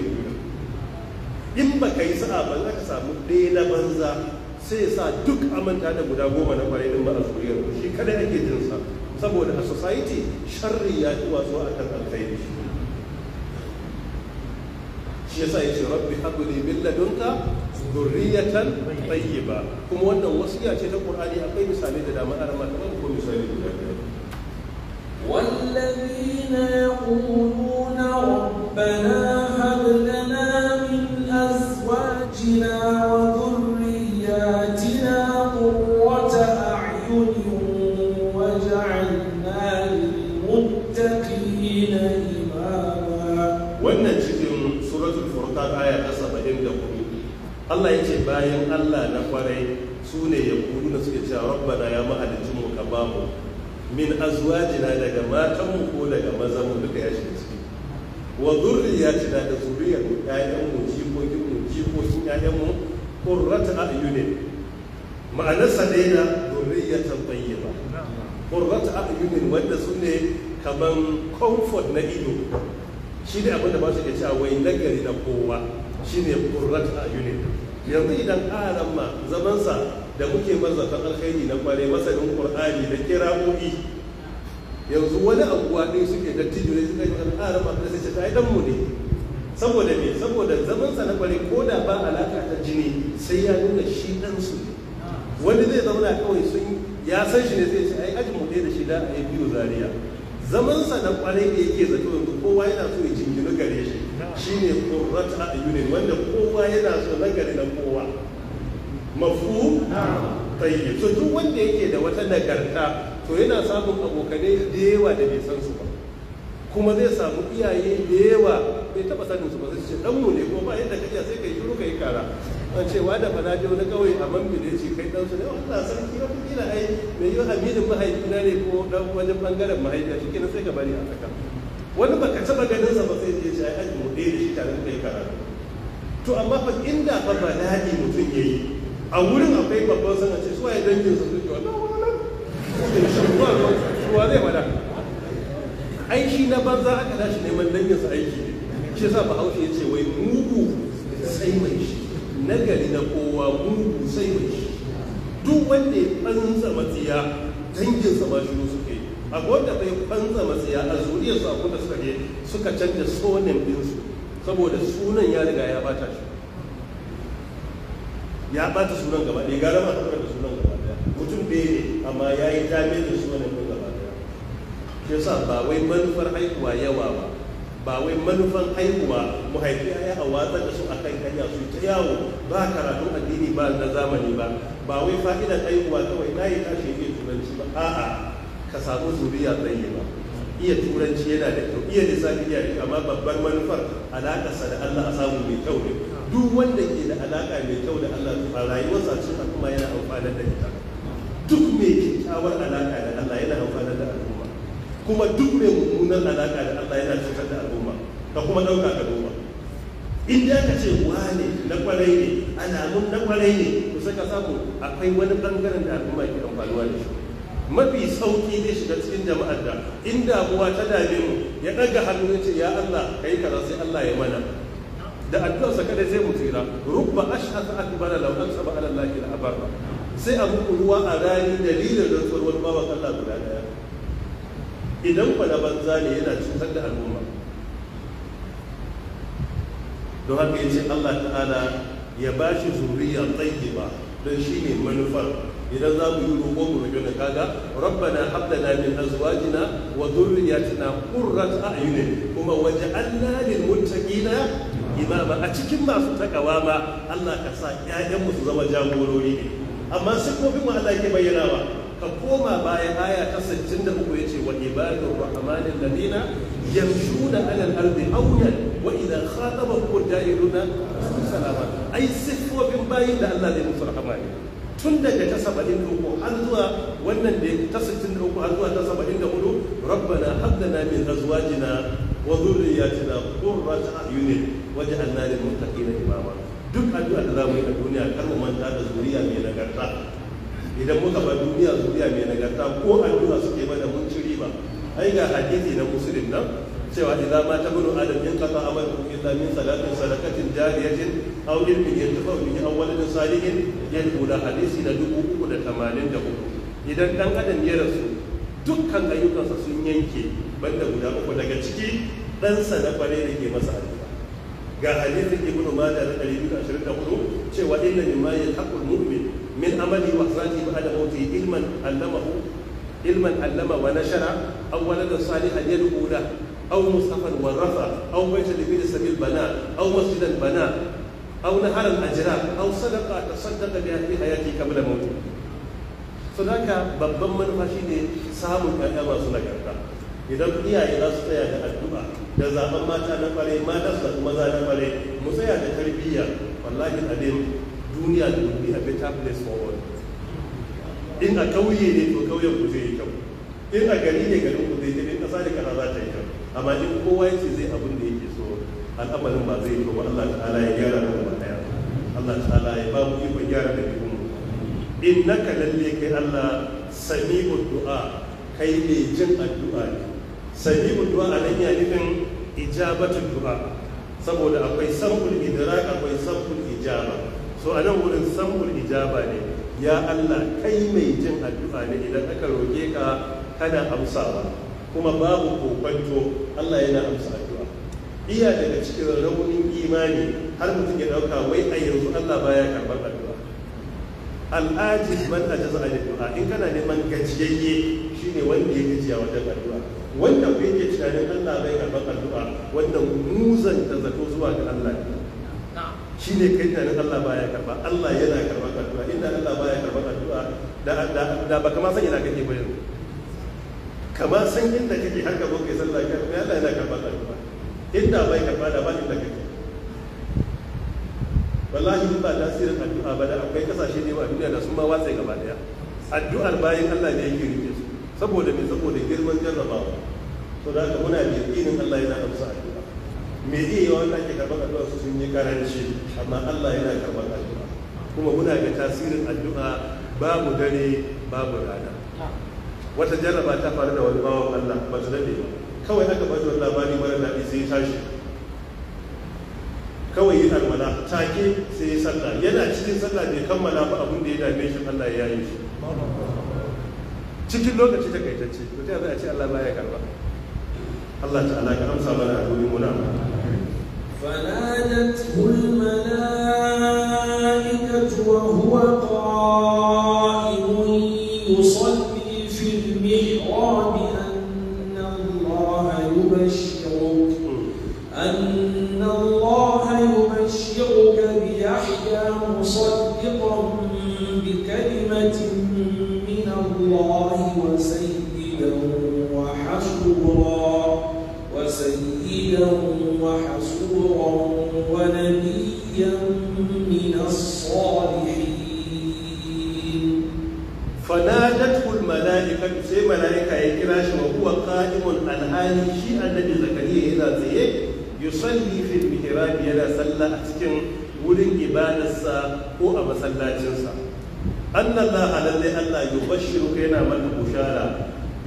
in ba ka yi sa'a ba za ka samu ɗaya na banza sai ya sa duk amanta da guda goma na kwarai din ba a zuriyar shi kada ake jin sa saboda a society sharri ya yi wasu a kan alkhairi shi yasa yace rabbi habli min ladunka dhurriyatan ba. kuma wannan wasiya ce ta qur'ani akwai misali da dama arama kamar ko misali guda
والذين يقولون ربنا
Allah ya ce bayan Allah na kwarai su ne ya kuru da suke cewa rabbana ya mahalicci mu ka ba mu min azwajina daga matanmu ko daga mazanmu duka ya shiga ciki wa zurriyatina da zuriyar mu ƴaƴan mu jikokin mu jikokin ƴaƴan mu qurrata a'yunin ma'anar sa dai na zurriyatan tayyiba qurrata a'yunin wanda su ne kaman comfort na ido shi ne abin da ba su ke cewa wai nagari na kowa shi shine qurrata a'yunin yanzu idan aran ma zamansa da muke marzatan alkhairi na kware masanin qur'ani da kira'o'i yanzu wani abuwa ɗin suke da tijirai suka yi an aran ma da ce ta yi ɗanmu ne saboda me saboda zamansa na kware ko da ba alaka ta jini sai ya nuna shi ɗan su ne wani zai zauna kawai sun ya san shi ne zai ce ai ajin mu da shi da yi biyu zaman zamansa na kware da yake zato yanzu kowa yana so ya jingina gare shi Shi ne shine a ayunin wanda kowa yana so gari na kowa mafu tayyib so duk wanda yake da wata nagarta to yana samun abokanai da yawa da bai san su ba kuma zai samu iyaye da yawa bai taba sanin su ba sai ce dan mu ne kuma ba yadda kake sai kai shiru kai kara an ce wa da bana biyo na kawai a man bile ce kai dan su ne Allah sarki ya kuma ina ai mai yi aminin mahaifina ne ko dan wajen bangaren mahaifiya shi kenan sai ka bari a tsaka wani baka taba ganin sa ba sai ya ce ai an mu da shi tare da kai karatu to amma fa inda fa bala'i mutum yayi a wurin akwai babban sana ce su waye dangin su suke wannan wannan ruwa zai bada ai shi na banza aka tashi neman dangin sa aiki ne shi yasa bahaushe ya ce wai mugu sai mai shi nagari na kowa mugu sai mai shi duk wanda ya tsantsama tsiya dangin sa ma shi a wanda bai kwanza matsaya a zuriyarsu a da suka je suka canja sonin binsu saboda sunan ya riga ya bata shi ya bata sunan gaba ɗaya gara ma da sunan gaba ɗaya mutum bai ne amma ya yi dame da sunan ɗin gaba ɗaya shi yasa ba wai manufar haihuwa yawa ba ba wai manufan haihuwa mu haifi ya a da su a kan hanya su ta yawo ba karatun addini ba na zamani ba ba wai fa'idan haihuwa kawai na yi tashi ne turanci ba a'a ka samu zuriya tayyiba iya turanci yana da kyau iya lissafi yana da kyau amma babbar manufar alaƙarsa da Allah a samu mai kyau ne duk wanda ke da alaƙa mai kyau da Allah ta rayuwarsa cikin kuma yana amfanar da ita duk mai kyakkyawar alaƙa da Allah yana amfanar da al'umma kuma duk mai mummunar alaƙa da Allah yana cutar da al'umma ka kuma ɗauka ka goma. in da ka ce wane na kwarai ne alamun na kwarai ne kusa ka samu akwai wani bangaren da al'umma ke amfanuwa da shi mafi sauki zai shiga cikin jama'ar da in damuwa ta dame mu ya ɗaga hannu ya ce ya Allah kai kaza sai Allah ya mana da sa kada sai mu tsira rubba ashhadu akbara law ansaba ala Allah la abarra sai a ruwa a rani dalilin rantsuwar wani bawan Allah guda daya idan da banza ne yana cutar da al'umma don haka ya ce Allah ta'ala ya ba shi zuriya tsayi ba don shi ne manufar idan za mu yi roƙo mu roƙi da kaga rabbana habdana lana min azwajina wa dhurriyyatina qurrat a'yunin kuma waj'alna lil muttaqina imama a cikin masu takawa ma Allah ka sa ƴaƴan mu su zama jagorori ne amma sifofin mu Allah ke bayyanawa ka koma baya aya ta 63 yace wa ibadur rahmanil ladina yamshuna 'alal ardi awyan wa idha khatabahum jahiluna salama ai sifofin bayin da Allah zai musu rahama ne tun daga ta saba'in da uku har zuwa wannan da ta sittin da uku har zuwa ta saba'in da hudu rabbana haddana min azwajina wa zurriyatina qurrata a'yunin waj'alna lil muttaqina imama duk addu'a da zamu yi a duniya kar mu manta da zuriya mai nagarta idan muka bar duniya zuriya mai nagarta ko addu'a suke mana mun ci riba ai ga hadisi na musulun nan cewa idan ma ta bunu adam in qata amalu illa min salatin sadaqatin jariyatin aw ilmin yantafa bihi aw waladin salihin yad'u la hadisi da dubu uku da tamanin da uku idan dan adam ya rasu dukkan ayyukansa sun yanke banda guda uku daga ciki ɗansa na kware da ke masa addu'a ga hadisin ibnu majah da hudu cewa inna mimma yalhaqul mu'min min amali wa sati ba'da mawti ilman allamahu ilman allama wa nashara aw walada salihan yad'u la aw musafan wa rafa aw baytan bi sabil bana aw masjidan bana أو نهر الأجرام أو صدقة تصدق بها في حياتي قبل موتي فذاك babban manufa ne samun ƴaƴa masu nagarta idan iyaye za su tsaya da addu'a da zaben mata na kware mata su zaɓi maza na kware mu tsaya da tarbiyya wallahi alim duniya da will be a better place for all in a kauye ne to kauyen zai yi kyau in a gari ne garin ku zai yi ƙasa da kaza za ta yi kyau amma in kowa ya ce zai abin da yake so al'amarin ba zai yi ba Allah ta'ala ya gyara mana Allah ta'ala ya ba mu ikon gyara da In innaka lalle kai Allah sami du'a kai ne jin addu'a ne sami'ud du'a nan ya nufin ijabatul du'a saboda akwai samful idrak akwai samful ijaba so a nan wurin samful ijaba ne ya Allah kai mai jin addu'a ne idan aka roke ka kana amsawa kuma babu kokonto Allah yana amsa addu'a iya daga cikin raunin imani har mutum ya dauka wai a yanzu Allah baya karbar addu'a al'ajiz man ajaza an du'a in kana neman gajiyayye shine wanda ya gajiya wajen addu'a wanda ku yake tunanin Allah bai karbar addu'a wannan muzan da zato zuwa ga Allah shi ne kai tunanin Allah baya karba Allah yana karbar addu'a inda Allah baya karbar addu'a da da da ba kama san yana kake ba yanzu kamar san inda kake har ka zo sallah kai Allah yana karbar addu'a inda bai karba da ba inda kake wallahi in ba tasirin addu'a ba da akwai kasashe ne ba a duniya da sun ma watsa gaba daya addu'ar bayan Allah ne yake rike su saboda me saboda girman jarrabawa to da haka muna da yakinin Allah yana amsa addu'a me iya yawan da ake karɓar addu'a su sun yi karanci amma Allah yana karɓar addu'a kuma muna ga tasirin addu'a babu dare babu rana wata jarraba ta faru da wani bawan Allah ba ta dade kawai aka bada wani labari mara daɗi sai tashi kawai yi alwala take sai ya sallah yana cikin sallah bai kammala ba abin da ya dame shi Allah ya yi shi cikin lokaci ta kaitacce to ta a ce Allah ya karba Allah ta'ala ka amsa mana a gurin muna
فنادته الملائكة وهو قائم يصلي
mala'ika ya kira shi wa huwa qa'imun al'ani shi annabi zakariya yana tsaye yusalli fil mihrab yana sallah a cikin wurin ibadarsa ko a masallacinsa annallaha lalle Allah yubashshiru yana maka bushara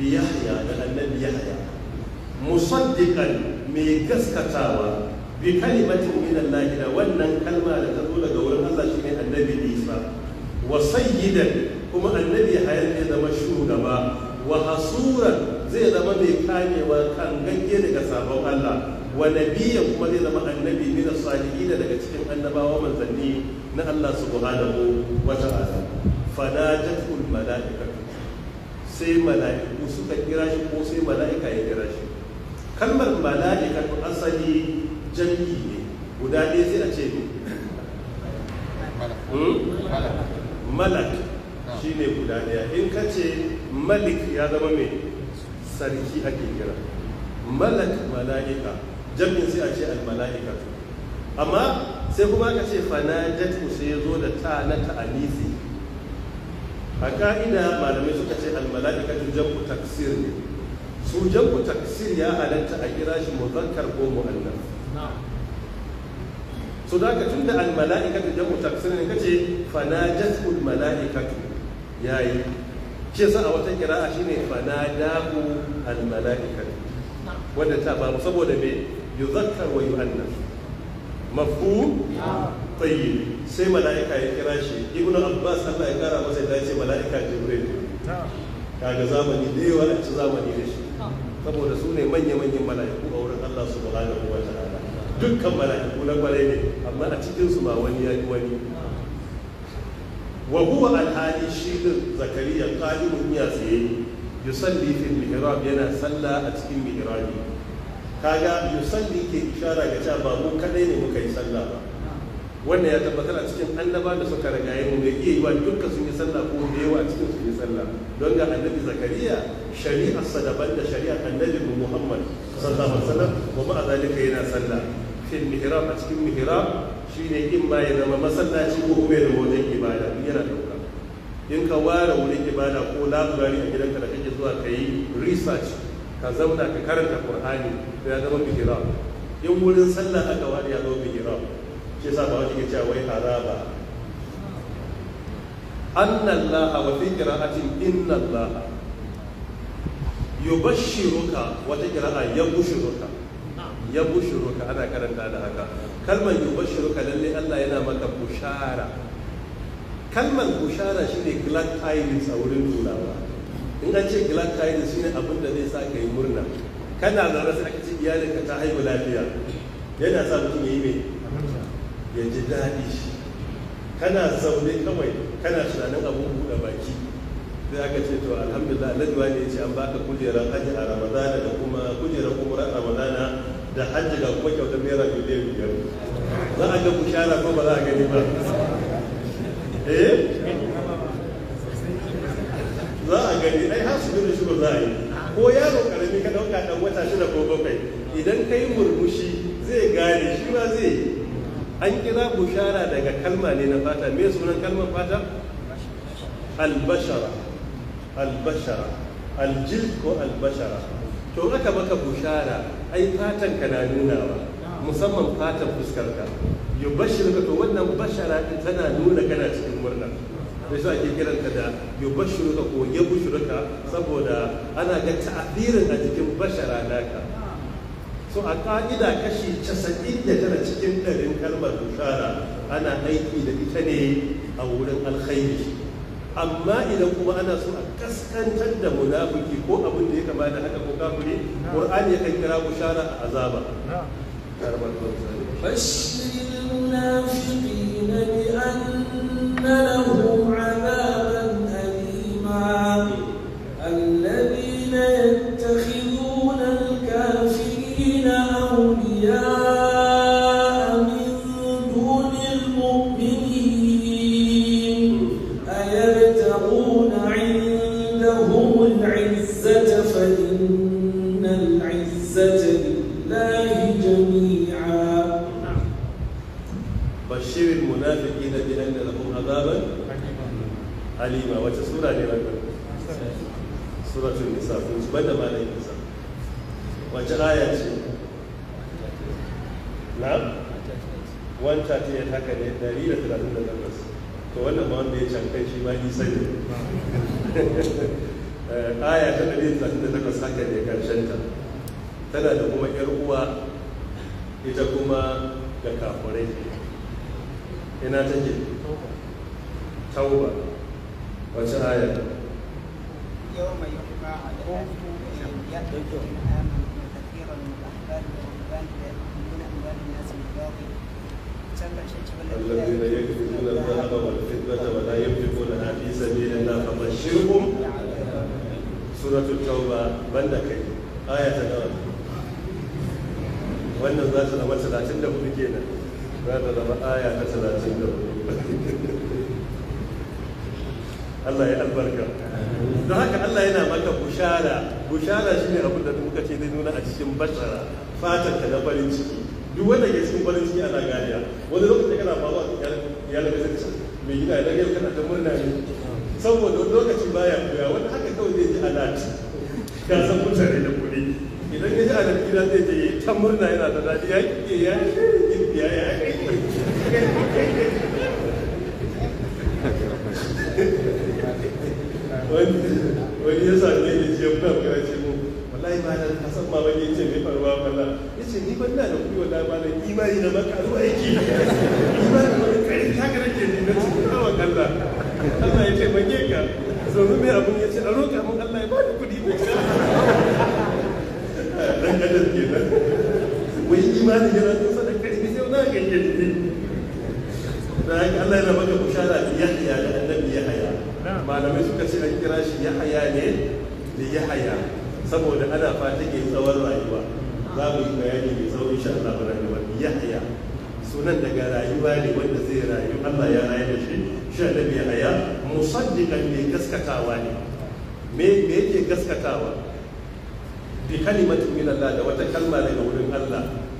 bi yahya da annabi yahya musaddiqan mai gaskatawa bi kalimatin min Allah da wannan kalma da ta zo daga wurin Allah shine annabi Isa wa sayyidan kuma annabi hayar ya zama shugaba wa hasuran zai zama mai kamewa kan gange daga sabon Allah wa nabiya kuma zai zama annabi min salihin daga cikin annabawa manzanni na Allah subhanahu wa ta'ala fanajatul malaika sai mala'iku suka kira shi ko sai mala'ika ya kira shi kalmar mala'ikatu asali jami'i ne guda ɗaya sai a ce ne hmm? malak Shi guda daya in ka ce malik ya zama mai sarki ake kira malak mala'ika jamin sai a ce al-mala'ika amma sai kuma ka ce fanadat sai ya zo da ta na ta'alisi a ka'ida malamai suka ce al almala'ika jam'u taksir ne su jam'u taksir ya halatta a kira shi muzakkar ko mu'annas so da ka al-mala'ika almala'ika jam'u taksir ne ka ce kace malaika tun Ya yi shi yasa a wata kira'a shine fanadahu almalaikat wanda ta ba saboda me yuzakkar wa Mafu? mafhum tayyib sai malaika ya kira shi ibnu abbas Allah ya kara masa da ce malaika jibril kaga zamani da yawa a ci zamani da shi saboda su ne manya manyan malaiku a wurin Allah subhanahu wa ta'ala dukkan malaiku na kwarai ne amma a cikin su ba wani ya yi wani wa huwa alhali shi din zakariya qalimun ya tsaye yusalli fil mihrab yana sallah a cikin mihrabi kaga yusalli ke ishara ga cewa ba mu kadai ne muka yi sallah ba wannan ya tabbatar a cikin annaba da suka rigaye mu mai iya yiwa dukkan sun yi sallah ko da yawa cikin sun yi sallah don ga annabi zakariya shari'ar sa daban da shari'ar annabi muhammad sallallahu alaihi wasallam wa ma'a zalika yana sallah fil mihrab a cikin mihrab shi ne in ma ya zama masallaci ko kuma ya zama wajen ibada yana dauka in ka ware wurin ibada ko laburari a gidanka da kake zuwa ka yi research ka zauna ka karanta qur'ani to ya zama bihira in wurin sallah aka ware ya zama bihira shi yasa ba wani ke cewa wai haraba anna allaha wa fi qira'atin inna allaha yubashshiruka wata qira'a yabushiruka yabushiruka ana karanta da haka kalmar yuba ka lalle Allah yana maka bushara kalmar bushara shine glad tidings a wurin turawa in an ce glad tidings shine abin da zai sa ka yi murna kana da rasa aka ce iyalinka ta haihu lafiya yana sa mutum ya yi mai ya ji daɗi kana zaune kawai kana tunanin abun buɗe baki sai aka ce to alhamdulillah na wani ya ce an baka kujerar aji a ramadana da kuma kujerar kuma ramadana da hajji ga kuma kyautar naira miliyan biyar za a ga shara ko ba za a gani ba eh za a gani ai har su gani shi ba za a yi ko yaro karami ka dauka dan wata shida ko bakwai idan ka yi murmushi zai gane shi ma zai an kira bushara daga kalma ne na fata me sunan kalmar fata albashara albashara aljil ko albashara to aka baka bushara ai fatan ka na nunawa musamman fatan fuskarka bashir ka to wannan bashara din tana nuna kana cikin murna da shi ake kiranta da bashir ka ko yabushir saboda ana ga ta'athirin a cikin bashara naka so a ka'ida kashi 99 cikin ɗarin kalmar bishara ana aiki da ita ne a wurin alkhairi amma idan kuma ana so a kaskantar da munafiki ko abin da ya kamata haka ko kafiri qur'ani ya kan kira bushara a azaba bashiril
munafiqina bi anna lahum لله جميعا
بشر المنافقين بأن لهم عذابا أليما وتسورة لنا سورة النساء كنت بدأ ما لي النساء
وجاء
نعم 138 haka ne 138 to wannan ma wanda ya cankan shi ma isa ne aya ta 138 haka ne karshen ta tana da kuma yar uwa ita kuma da kafurai ina ta ke tauba wace aya da الذين يكذبون الذهب والفضة ولا في سبيل الله فبشرهم سورة التوبة آية wannan za ta zama talatin da hudu kenan za ta zama aya ta talatin da hudu Allah ya albarka don haka Allah yana maka bushara bushara shine abin da muka ce zai nuna a cikin bashara fatan ka na farin ciki duk wanda ke cikin farin ciki ana gariya wani lokaci kana faru a iyalin da zai mai gida idan yau kana ta murna ne saboda lokaci baya koya wani haka kawai zai ji alati ka san mutane da idan ya ji a gida zai je ta murna yana da daɗi ya yi ya yi ya yi wani ya sami ne ce ya magana ce mu wallahi ma da ka ma wani ya ce mai faruwa falla ya ce ni ban da kuɗi wallahi ma da imani na maka ruwa yake imani na maka yi ta gara ke na cikin hawa kalla Allah ya ce ban ka zo mai abun ya ce a roƙa mun Allah ya ba da kuɗi mai imani yana kusa da kai sai na ga iya ne da haka Allah yana maka bushara da Yahya da annabi Yahya malamai suka ce an kira shi Yahya ne da Yahya saboda ana fata ke tsawon rayuwa za mu yi bayani mai tsawon insha Allah ba rayuwa Yahya sunan daga rayuwa ne wanda zai rayu Allah ya rayu da shi shi annabi Yahya musaddiqan ne gaskatawa ne me me yake gaskatawa bi kalimatin min Allah da wata kalma daga wurin Allah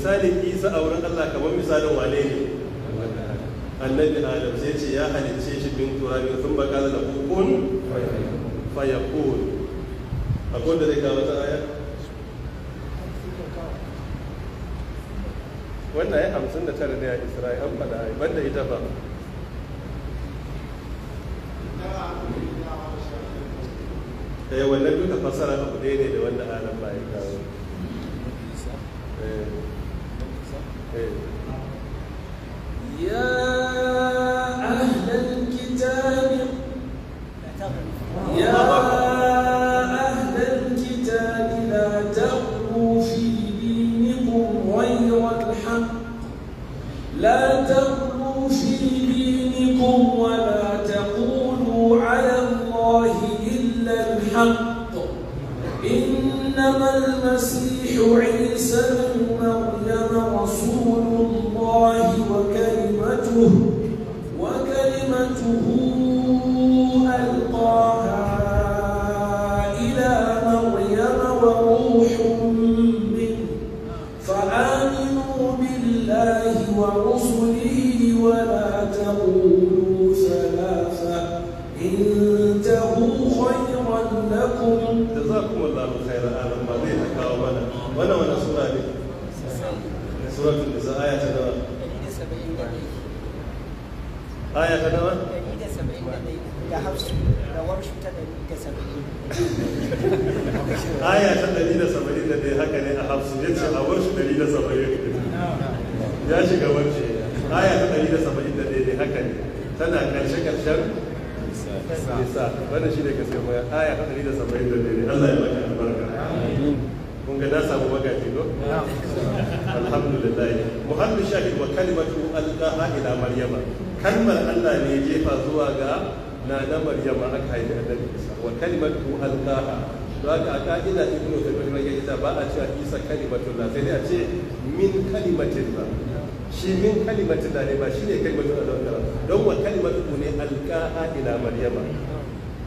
misalin isa a wurin Allah kamar misalin wane ne 对。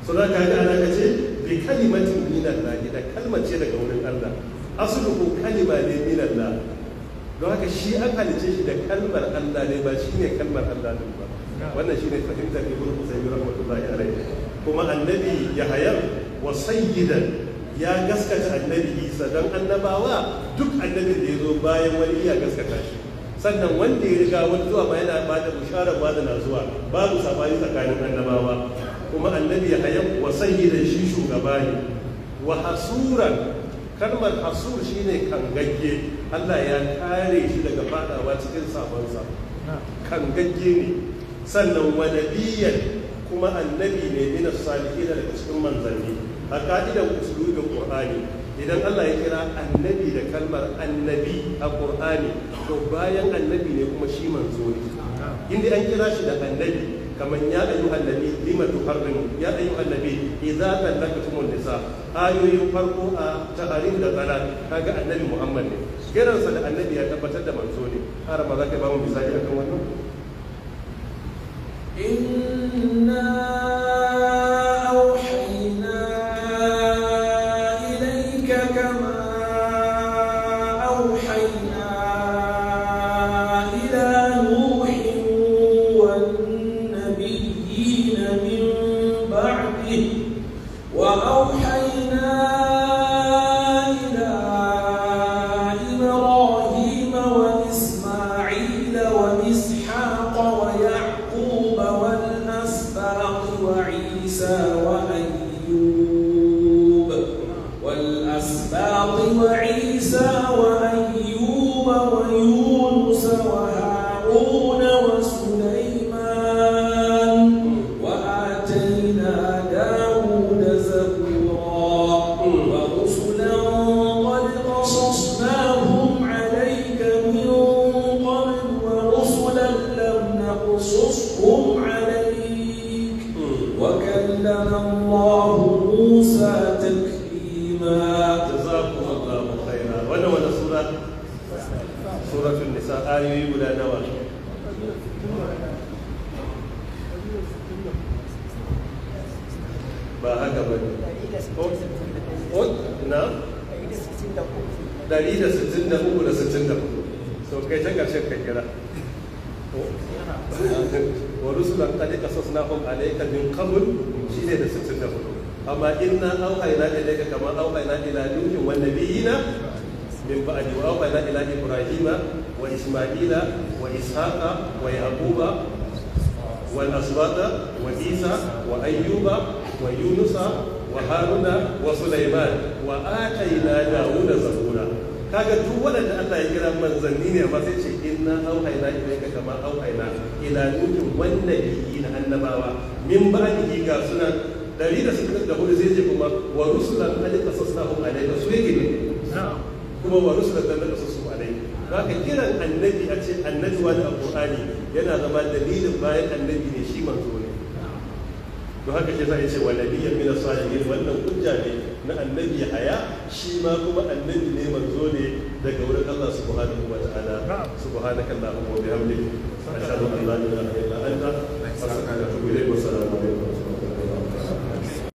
so za ka ga ana ce bi kalimatin minan Allah da kalma ce daga wurin Allah asluhu kalima ne minan Allah don haka shi an halice shi da kalmar Allah ne ba shine kalmar Allah ne ba wannan shine fahimtar Ibn Husayn rahmatullahi alaihi kuma annabi Yahya wa sayyidan ya gaskata annabi Isa don annabawa duk annabin da ya zo bayan wani ya gaskata shi sannan wanda ya riga wani zuwa yana bada bisharar ba da na zuwa babu sabani tsakanin annabawa kuma annabi ya hayan wa da shi shugaba ne wa hasura kalmar hasur shine kangagge Allah ya kare shi daga fadawa cikin sabonsa kangagge ne sannan wa kuma annabi ne min salihi daga cikin manzanni a ka'idar da qur'ani idan Allah ya kira annabi da kalmar annabi a qur'ani to bayan annabi ne kuma shi manzo ne inda an kira shi da annabi kamar ya ayyuhan nabi lima tuharrimu ya ayyuhan nabi idza talaqtumun nisa ayoyin farko a ta'arif da talaq kaga annabi Muhammad ne kiransa da annabi ya tabbatar da manzo ne har ma ba mu misali akan wannan
inna يَتَّقُونَ
إبراهيم وإسماعيل وإسحاق wa والأسباط wa وأيوب wa وهارون wa وآتينا داود زبورا kaga duk waɗanda Allah ya kira manzanni ne amma sai ce inna auhayna ilayka kama auhayna ila nuhin wanda na annabawa min ba'dihi ga suna dari da suka da hudu sai ce kuma wa rusulan qad qasasnahum alayka su yake ne kuma wa rusulan za ka kiran annabi a ce annabi wani alƙur'ani yana zama dalilin bayan annabi ne shi manzo ne don haka ke za a ce wa nabiyyan min as-salihin wannan hujja ne na annabi haya shi ma kuma annabi ne manzo ne daga wurin Allah subhanahu wa ta'ala subhanakallahumma wa bihamdika ashhadu an la ilaha illa anta astaghfiruka wa atubu ilayk wa assalamu alaikum